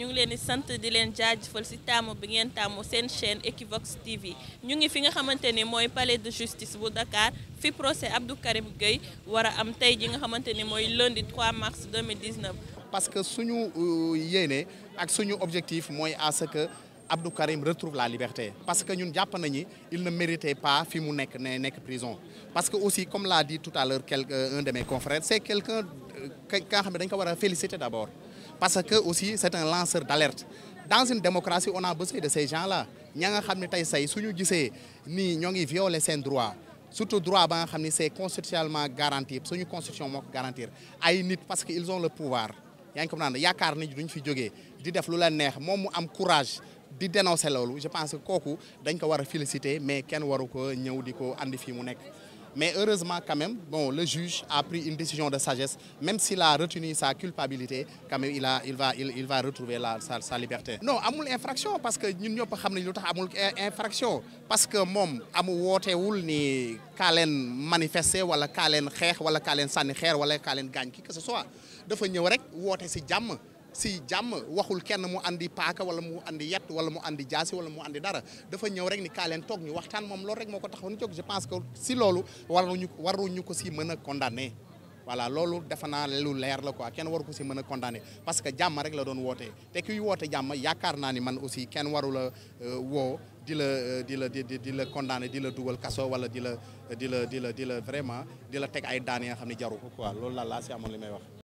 ñu ngi leen di sant di leen jaajëfal si taamu bi ngeen taamu seen chaîne Equivox TV ñu ngi fi nga xamante ni mooy palais de justice bu Dakar fi procès Abdou Karim Gueye war a am tey ji nga xamante ni mooy lundi 3 mars 2019. parce que suñu euh, yéene ak ñu objectif mooy a ce que Abdou Karim retrouve la liberté parce que ñun jàpp nañu il ne méritait pas fi mu nekk ne nekk prison parce que aussi comme l'a dit tout à l'heure quelqu'un euh, un de mes confrères c'est quelqu'un euh, ka dañ ko war a féliciter d'abord parce que aussi c'est un lanceur d'alerte dans une démocratie on a besoin de ces gens-là ña nga xam ne tey say suñu gisee nii ñoo ngi violer seen droit surtout droit ba nga xam ne c'est constitutionnellement garanti suñu constitution moo ko garantir ay nit parce que ils ont le pouvoir yaa ngi comprendre yaakaar nit duñ fi jogee di def lu la neex moom mu am courage di dénoncer loolu je pense que kooku dañ ko war a féliciter mais kenn waru ko ñëw di ko andi fii mu nekk Mais heureusement quand bon, le juge a pris une décision de sagesse. Même s'il a retenu sa culpabilité, quand il, a, il, va, il, retrouver la, sa, sa liberté. Non, amul infraction parce que ñun ñëpp xam nañ lu tax amul infraction parce que moom amu wootewul ni kaa leen manifester wala kaa xeex wala kaa leen sànni xeer wala kaa leen gaañ ki que ce soit dafa ñëw rek woote si jàmm si jàmm waxul kenn mu andi paaka wala mu andi yet wala mu andi jaasi wala mu andi dara dafa ñëw rek ni kaa leen toog ñu waxtaan moom loolu rek moo ko taxoon jóg que si loolu waruñu waruñu ko si mën a condamné voilà loolu defe naa lu leer la quoi kenn waru ko si mën a condamné parce que jàmm rek la doon wootee te kuy woote jàmm yaakaar naa ni man aussi kenn waru la euh, woo di la euh, di la di di la condamné di la dugal kaso wala di la di la di la di la vraiment di la teg ay daan yi xam ne jaru ko quoi loolu la laa si amoon li may wax